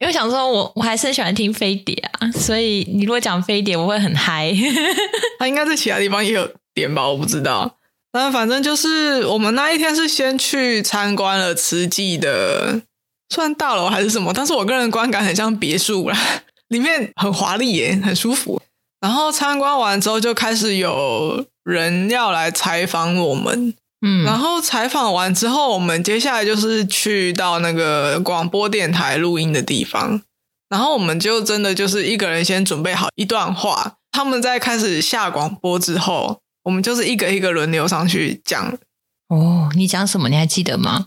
Speaker 1: 因為想說我，我我還是喜歡聽飛碟啊，所以你如果講飛碟，我會很嗨。
Speaker 2: 它應該在其他地方也有點吧，我不知道。
Speaker 1: 但反正就是我們那一天
Speaker 2: 是先去參觀了慈濟的，算大樓還是什麼，但是我個人觀感很像別墅啦，裡面很華麗耶，很舒服。然後參觀完之後，就開始有人要來採訪我們。嗯，然後採訪完之後，我們接下來就是去到那個廣播電台錄音的地方。然後我們就真的就是一個人先準備好一段話。他們在開始下廣播之後，我們就是一個一個輪流上去講。
Speaker 1: 哦，你講什麼？你還記得嗎？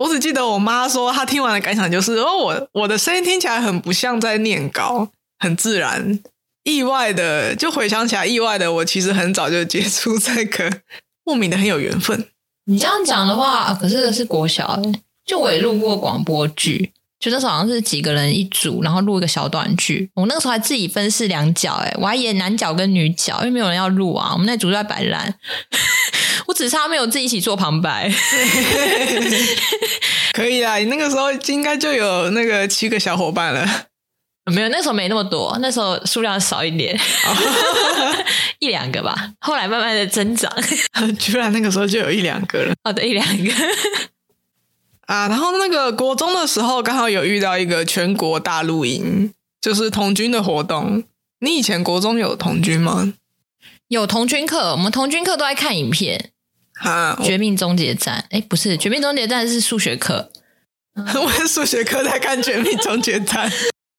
Speaker 2: 我只記得我媽說她聽完的感想就是：哦，我我的聲音聽起來很不像在念稿，很自然。意外的，就回想起來，意外的，我其實很早就接觸這個，莫名的很有緣分。
Speaker 1: 你這樣講的話，可是是國小哎。就我也錄過廣播劇，就那時候好像是幾個人一組，然後錄一個小短劇。我那個時候還自己分飾兩角哎、欸，我還演男角跟女角，因為沒有人要錄啊。我們那組都在擺爛， 我只差沒有自己一起做旁白。 可以啊，你那個時候應該就有那個七個小夥伴了。沒有，那時候沒那麼多，那時候數量少一點。 一兩個吧，後來慢慢的增長， 居然那個時候就有一兩個了。哦，對，一兩個
Speaker 2: 啊。然後那個國中的時候，剛好有遇到一個全國大露營，就是童軍的活動。你以前國中有童軍嗎？
Speaker 1: 有童軍課，我們童軍課都愛看影片。好、啊、絕命終結站。哎，不是，《絕命終結站》是數學課。
Speaker 2: 我是數學課在看《絕命終結站》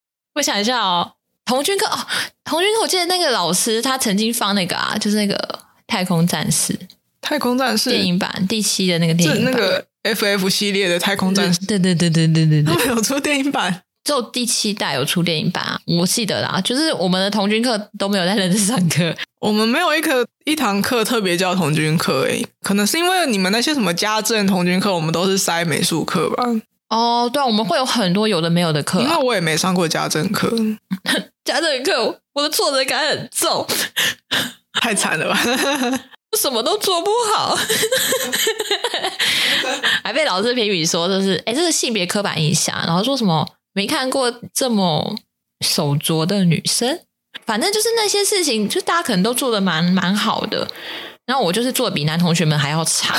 Speaker 1: 我想一下哦。童軍課哦，童軍課，我記得那個老師他曾經放那個啊，就是那個太空戰士，太空戰士電影版第七的那個電影
Speaker 2: 版，是那個 FF 系列的太空戰士，
Speaker 1: 對對對對對對，對對對對他沒有出電影版，只有第七代有出電影版啊，我記得啦，就是我們的童軍課都沒有在認真上課，
Speaker 2: 我們沒有一個一堂課特別叫童軍課，誒、欸，可能是因為你們那些什麼家政、童軍課，我們都是塞美術課吧。哦、oh，對、啊，我們會有很多有的沒有的課、啊，因為我也沒上過家政課。
Speaker 1: 家政課我，我的挫折感很重， 太慘了吧！ 我什麼都做不好， 還被老師評語說就是，哎、欸，這是、個、性別刻板印象，然後說什麼沒看過這麼手拙的女生，反正就是那些事情，就大家可能都做得蠻蠻好的。然後我就是做的比男同學們還要差，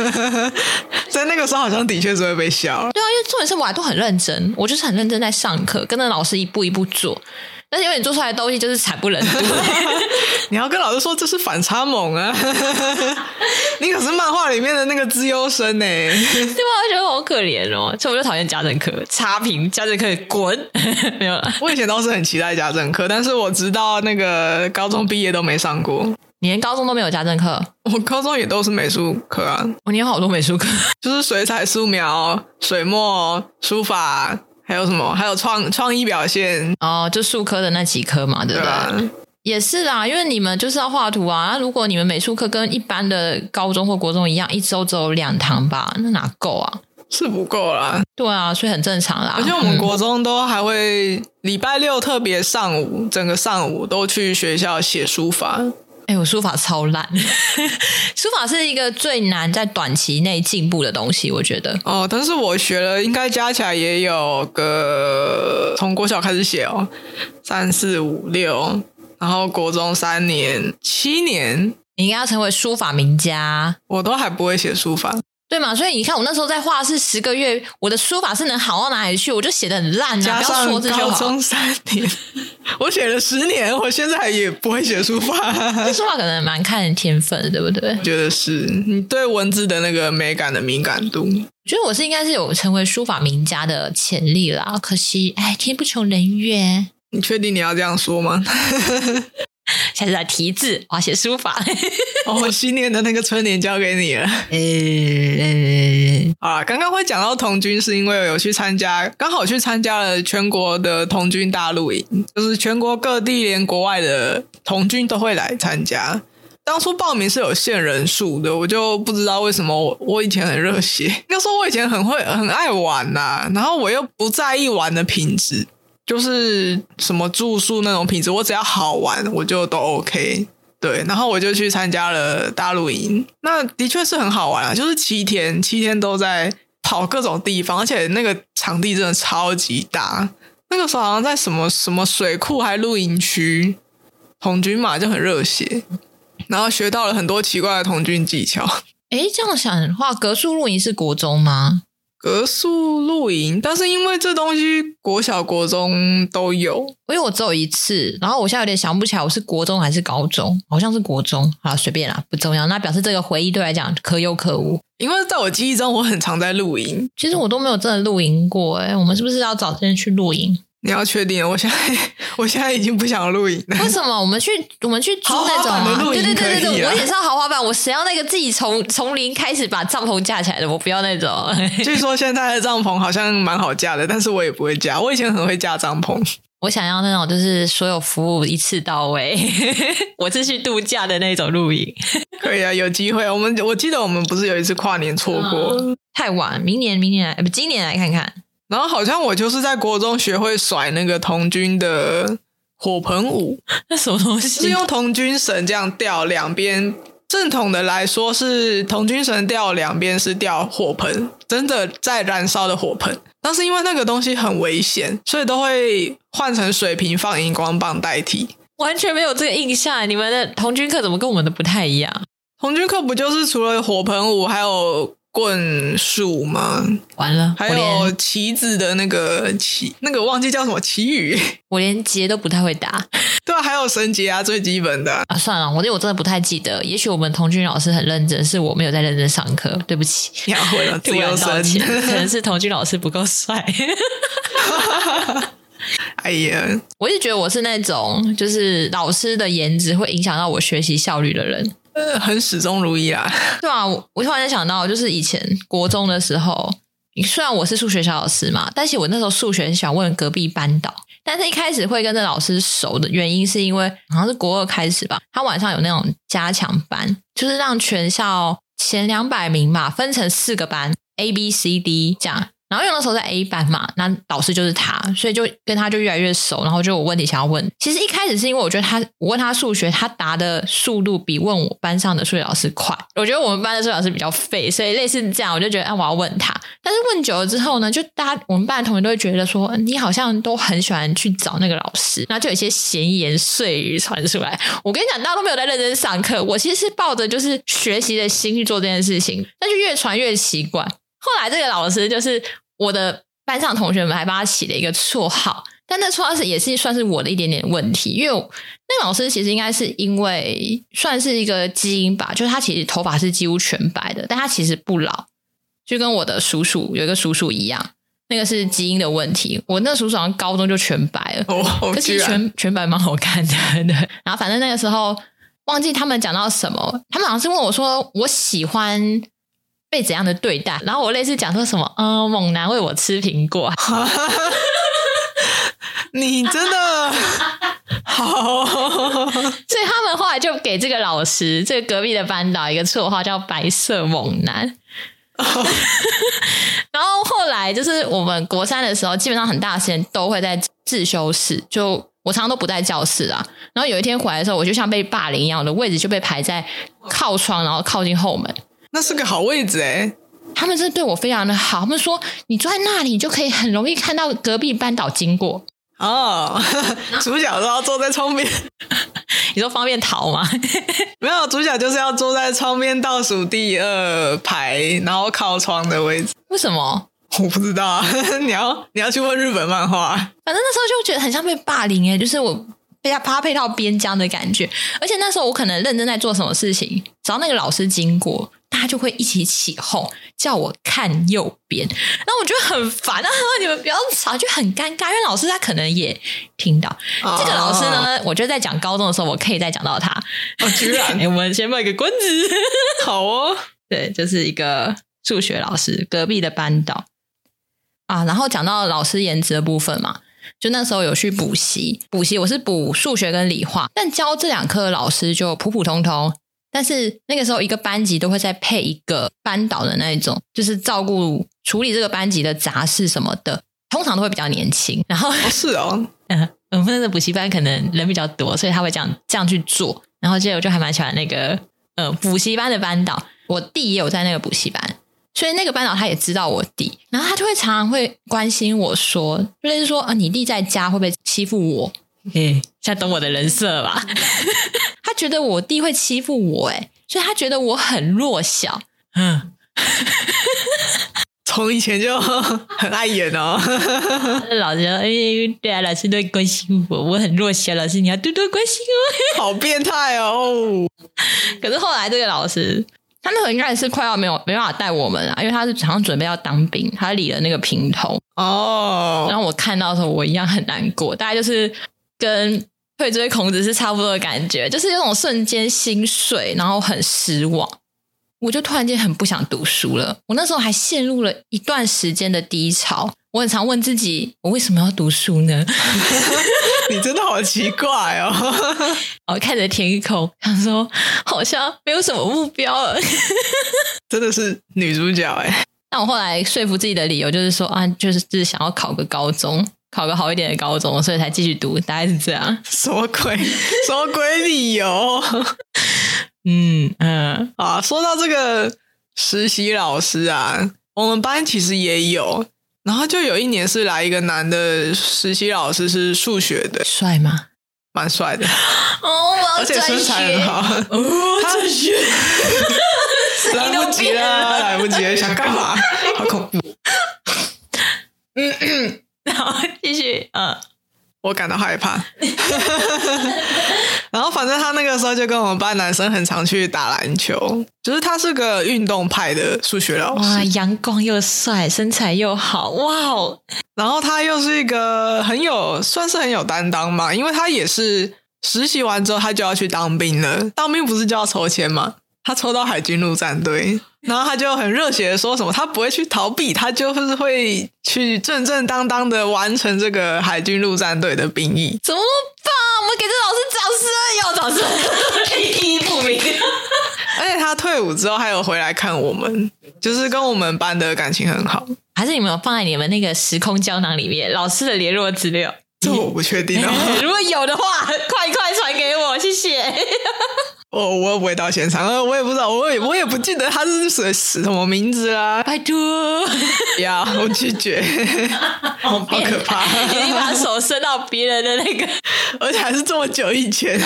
Speaker 1: 在那個時候好像的確是會被笑。對啊，因為做人生我還都很認真，我就是很認真在上課，跟着老師一步一步做。但是因為你做出來的東西就是慘不忍睹，
Speaker 2: 你要跟老師說這是反差萌啊！
Speaker 1: 你可是漫畫裡面的那個資
Speaker 2: 優生呢、欸，對吧、啊？我覺得好可憐哦，所以我就討厭家政課，差評家政課滾！ 沒有了。我以前倒是很期待家政課，但是我直到那個高中畢業都沒上過。
Speaker 1: 你連高中都沒有家政課，我高中也都是美術課啊。我、哦、你有好多
Speaker 2: 美術課，就是水彩、素描、水墨、書法，還有什麼？還有
Speaker 1: 創創意表現哦，就術科的那幾科嘛，對吧對、啊？也是啊，因為你們就是要畫圖啊。如果你們美術課跟一般的高中或國中一樣，一周只有兩堂吧，那哪夠啊？是不夠啦。對啊，所以很正常啦。而且我們國
Speaker 2: 中都還會、嗯、禮拜六特別上午，整個上午都去學校寫書
Speaker 1: 法。哎，我書法超爛， 書法是一個最難在短期內進步的東西，我覺得。哦，但
Speaker 2: 是我學了，應該加起來也有個從國小開始寫哦，三四五六，然後國中三
Speaker 1: 年，七年，你應該要成為書法名家。我都還不會寫書法，對嘛？所以你看，我那時候在畫室十個月，我的書法是能好到哪裡去？我就寫的很爛，啊，加上高中三年。 我寫了十年，我現在還也不會寫書法。這書法可能蠻看天分的，對不對？我覺得是，你對文字的那個美
Speaker 2: 感的敏感度，我
Speaker 1: 覺得我是應該是有成為書法名家的潛力啦。可惜，哎，天不從人願。你確定你要這樣說嗎？ 下次來
Speaker 2: 題字，我要寫書法。我、 哦、新年的那個春聯交給你了。呃、欸，啊、欸欸，剛剛會講到童軍，是因為我有去參加，剛好去參加了全國的童軍大露營，就是全國各地連國外的童軍都會來參加。當初報名是有限人數的，我就不知道為什麼我，我以前很熱血。要說我以前很會、很愛玩吶、啊，然後我又不在意玩的品質。就是什麼住宿那種品質，我只要好玩我就都 OK。對，然後我就去參加了大露營，那的確是很好玩啊，就是七天，七天都在跑各種地方，而且那個場地真的超級大。那個時候好像在什麼什麼水庫還露營區，童軍嘛就很熱血，然後學到了很多奇怪的童軍技巧。
Speaker 1: 哎、欸，這樣想的話，隔宿露營是國中嗎？格宿露營，但是因為這東西國小國中都有，因為我只有一次，然後我現在有點想不起來我是國中還是高中，好像是國中，好隨便啦，不重要。那表示這個回憶對我來講可有可無，因為
Speaker 2: 在我記憶中我很常在露營，
Speaker 1: 其實我都沒有真的露營過哎、欸。我們是不是要找天去露營？你要確定？我現在。
Speaker 2: 我現在已經不想露營了。
Speaker 1: 為什麼？我們去我們去租
Speaker 2: 那種、啊、對對對對對，啊、我也是
Speaker 1: 豪華版。我誰要那個自己從從零開始把帳篷架起來的？我不要那種。
Speaker 2: 據說現在的帳篷好像蠻好架的，但是我也不會架。我以前
Speaker 1: 很會架帳篷。我想要那種就是所有服務一次到位， 我
Speaker 2: 是去度假的那種露營。 可以啊，有機會。我們我記得我們不是有一次跨年錯過、嗯，
Speaker 1: 太晚。明年明年來，不今年來看看。然後好像我就是在國中學
Speaker 2: 會甩那個童軍的火盆舞，那什麼東西？就是用童軍繩這樣吊兩邊，正統的來說是童軍繩吊兩邊是吊火盆，真的在燃燒的火盆。但是因為那個東西很危險，所以都會換成水瓶放熒光棒代替。
Speaker 1: 完全沒有這個印象，你們的童軍課怎麼跟我們的不太一樣？童軍課不就是除了火盆舞，還有？
Speaker 2: 棍術嗎？完了，還有旗子的那個旗，的、那個、旗，那個忘
Speaker 1: 記叫什麼旗語，我連結都不太會打。 對啊，還有繩結啊，最基本的啊，啊算了，我因我真的不太記得，也許我們童軍老師很認真，是我沒有在認真上課，對不起，要回了，自 由道歉 可能是童軍老師不夠帥。 哎呀，我一直覺得我是那種就是老師的顏值會影響到我學習效率的人。
Speaker 2: 呃， 很始終如一啊！
Speaker 1: 對啊，我突然間想到，就是以前國中的時候，雖然我是數學小老師嘛，但是我那時候數學很喜歡問隔壁班導，但是一開始會跟着老師熟的原因，是因為好像是國二開始吧，他晚上有那種加強班，就是讓全校前兩百名嘛，分成四個班 A、B、C、D 這樣。然後用的時候在 A 班嘛，那導師就是他，所以就跟他就越來越熟。然後就有問題想要問，其實一開始是因為我覺得他，我問他數學，他答的速度比問我班上的數學老師快。我覺得我們班的數學老師比較廢，所以類似這樣，我就覺得哎，我要問他。但是問久了之後呢，就大家我們班的同學都會覺得說，你好像都很喜歡去找那個老師，然後就有一些閒言碎語傳出來。我跟你講，大家都沒有在認真上課，我其實是抱着就是學習的心去做這件事情，但就越傳越習慣。後來這個老師就是。我的班上的同學們還幫他起了一個綽號，但那綽號是也是算是我的一點點問題，因為那個、老師其實應該是因為算是一個基因吧，就是他其實頭髮是幾乎全白的，但他其實不老，就跟我的叔叔有一個叔叔一樣，那個是基因的問題。我那個叔叔好像高中就全白了，哦、oh, oh，其實全全白蠻好看的。對， 然後反正那個時候忘記他們講到什麼，他們好像是問我說我喜歡。被怎樣的對待？然後我類似講說什麼，呃、哦，猛男餵我吃蘋果哈。你真的好， 所以他們後來就給這個老師，這個隔壁的班導一個綽號叫“白色猛男”哦。 然後後來就是我們國三的時候，基本上很大的時間都會在自修室，就我常常都不在教室啊。然後有一天回來的時候，我就像被霸凌一樣，我的位置，就被排在靠窗，然後靠近後門。那是個好位置哎、欸，他們是對我非常的好。他們說，你坐在那裡就可以很容易看到隔壁班導經過哦。
Speaker 2: 主角都要坐在窗邊，你說方便逃嗎？ 沒有，主角就是要坐在窗邊倒數第二排，然後靠窗的位置。為什麼？我不知道。你要你要去問日本漫畫。
Speaker 1: 反正那時候就覺得很像被霸凌哎、欸，就是我被他發配到邊疆的感覺。而且那時候我可能認真在做什麼事情，只要那個老師經過。大家就會一起起哄，叫我看右邊，那我覺得很煩啊！然後你們不要吵，就很尷尬，因為老師他可能也聽到。哦、這個老師呢，哦、我覺得在講高中的時候，我可以再講到他。哦，居然！欸、我們先賣個關子。好哦，對，就是一個數學老師，隔壁的班導、嗯、啊。然後講到老師顏值的部分嘛，就那時候有去補習，補習我是補數學跟理化，但教這兩科的老師就普普通通。但是那個時候，一個班級都會再配一個班導的那一種，就是照顧、處理這個班級的雜事什麼的，通常都會比較年輕。然後哦是哦、啊，嗯，我們的補習班可能人比較多，所以他會這樣，這樣去做。然後，接着我就還蠻喜歡那個呃補習班的班導。我弟也有在那個補習班，所以那個班導他也知道我弟，然後他就會常常會關心我說，就是說啊，你弟在家會不會欺負我？嘿在懂我的人設吧， 他覺得我弟會欺負我，誒，所以他覺得我很弱小。嗯，從 以前就很愛演哦。 他的老師說，哎、欸，對啊，老師都關心我，我很弱小，老師你要多多關心我， 好變態態哦。 可是後來這個老師，他那時候應該也是快要沒有沒辦法帶我們了，因為他是常常準備要當兵，他理了那個平頭哦。Oh. 然後我看到的時候，我一樣很難過，大概就是跟。退追孔子是差不多的感覺，就是有種瞬間心碎，然後很失望，我就突然間很不想讀書了。我那時候還陷入了一段時間的低潮，我很常問自己，我為什麼要讀書呢？
Speaker 2: 你真的好奇怪
Speaker 1: 哦！我 看着舔一口，想說好像沒有什麼目標了。
Speaker 2: 真的是女主角哎！
Speaker 1: 那我後來說服自己的理由就是說啊，就是是想要考個高中。考個好一點的高中，所以才繼續讀，大概是這樣。
Speaker 2: 什麼鬼？什麼鬼理由？ 嗯
Speaker 1: 嗯啊，說到這個實習老師
Speaker 2: 啊，我們班其實也有，然後就有一年是來一個男的實習老師，是數學的，帥嗎？蠻帥的
Speaker 1: 哦我要，而且身材很好，哦、
Speaker 2: 他轉學， 來不及了，來不及了， 想幹幹嘛？ 好恐怖，嗯。 咳咳
Speaker 1: 然後繼續，嗯、
Speaker 2: 啊，我感到害怕。 然後反正他那個時候就跟我們班男生很常去打籃球，就是他是個運動派的數學老師。哇，
Speaker 1: 陽光又帥，身材又好，
Speaker 2: 哇哦！然後他又是一個很有，算是很有擔當嘛，因為他也是實習完之後他就要去當兵了。當兵不是就要抽籤嘛。他抽到海軍陸戰隊，然後他就很熱血的說什麼他不會去逃避，他就是會去正正當當的完成這個海軍陸戰隊的兵役。
Speaker 1: 怎麼辦、啊、我們給這老師掌聲、啊，要掌聲、啊。第一步明，而
Speaker 2: 且他退伍之後還有回來看我們，就是跟我們班的感情很好。
Speaker 1: 還是你們有放在你們那個時空膠囊裡面老師的聯絡資料？這
Speaker 2: 我不確定啊、
Speaker 1: 欸。如果有的話，快快傳給我，謝謝。
Speaker 2: 我我也不會到現場，我也不知道，我也我也不記得他是誰，什麼名字啦、啊。拜托，呀，我拒絕，好好，好可怕，你把手伸到別人的那個，而且還是這麼久以前。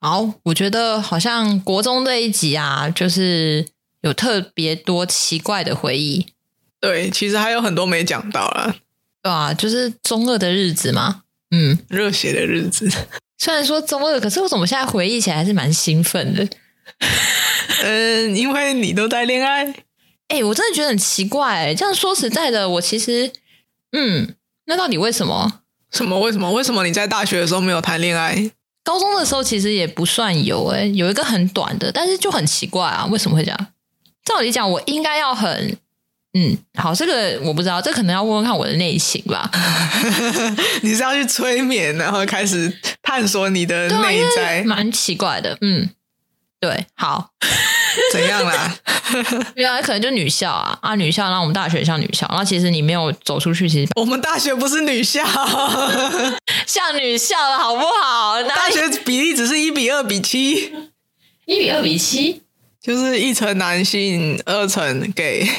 Speaker 1: 好，我覺得好像國中這一集啊，就是有特別多奇怪的回憶。對，其實還
Speaker 2: 有很多沒講到啦。
Speaker 1: 對啊，就是中二的日子嘛，嗯，熱血的日子。雖然說中二，可是我怎麼現在回憶起來還是蠻興奮的。嗯， 因為你都在戀愛。哎、欸，我真的覺得很奇怪、欸，這樣說實在的，我其實，嗯，那到底為什麼？
Speaker 2: 什麼？為什麼？為什麼你在大學的時候沒有談戀愛？
Speaker 1: 高中的時候其實也不算有、欸，哎，有一個很短的，但是就很奇怪啊，為什麼會這樣？照理講，我應該要很。嗯，好，這個我不知道，這個、可能要問問看我的內心吧。
Speaker 2: 你是要去催眠，然後開始探索你的內在，蠻、啊、奇
Speaker 1: 怪的。嗯，對，好，怎樣啦？原來可能就女校啊，啊，女校，然後我們大學像女校，那其實你沒有走出去，其實我們大學不是女校、啊， 像女校的好不好？大學比例只是一比二比七，一比二比七，
Speaker 2: 就是一成男性，二成給。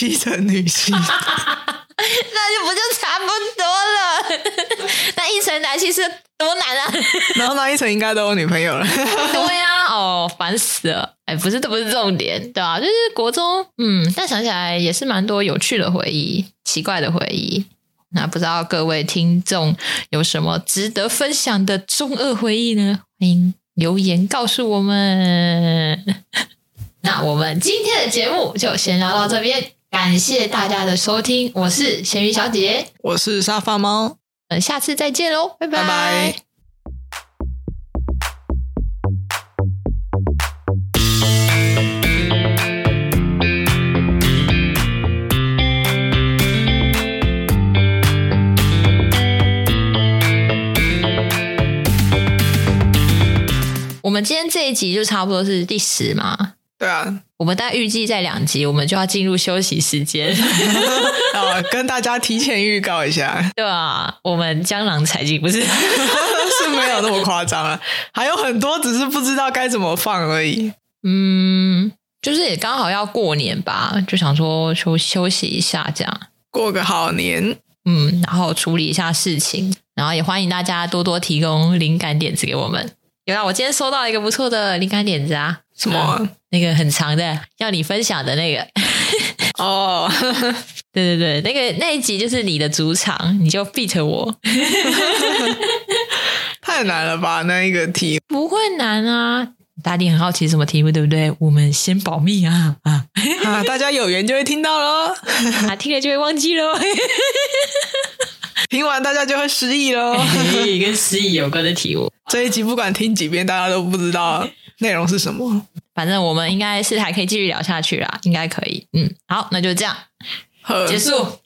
Speaker 1: 七成女性， 那就不就差不多了。 那一層男性是多難啊！ 然後那一層應該都有女朋友了。 對啊，哦，煩死了。哎、欸，不是，都不是重點，對啊，就是國中，嗯，但想起來也是蠻多有趣的回憶，奇怪的回憶。那不知道各位聽眾有什麼值得分享的中二回憶呢？歡迎留言告訴我們。那， 那我們今天的節目就先聊到這邊。感謝大家的收聽，我是鹹魚小姐，我是沙發貓，我們下次再見嘍，拜拜，拜拜。 我們今天這一集就差不多是第十嘛。對啊，我們大概預計在兩集，我們就要進入休息時間 啊，跟大家提前預告一下。對啊，我們江郎才盡不是 是沒有那麼誇張啊，還有很
Speaker 2: 多只是不知道該怎麼放而已。嗯，
Speaker 1: 就是也剛好要過年吧，就想說休休息一下，這樣
Speaker 2: 過個好年。
Speaker 1: 嗯，然後處理一下事情，然後也歡迎大家多多提供靈感點子給我們。有啊，我今天收到一個不錯的靈感點子啊。什麼、啊呃？那個很長的，要你分享的那個。哦、 oh.， 對對對，那個那一集就是你的主場，你就 beat 我。 太難了吧？那一個題不會難啊！大家很好奇什麼題目，對不對？我們先保密啊
Speaker 2: 啊大家有緣就會聽到嘍， 啊，聽了就會忘記咯。聽 完大家就會失憶嘍、 欸。跟失憶有關的題目，這一集不管聽幾遍，大家都不知道。 內容是什麼？
Speaker 1: 反正我們應該是還可以繼續聊下去啦，應該可以。嗯，好，那就這樣，結束。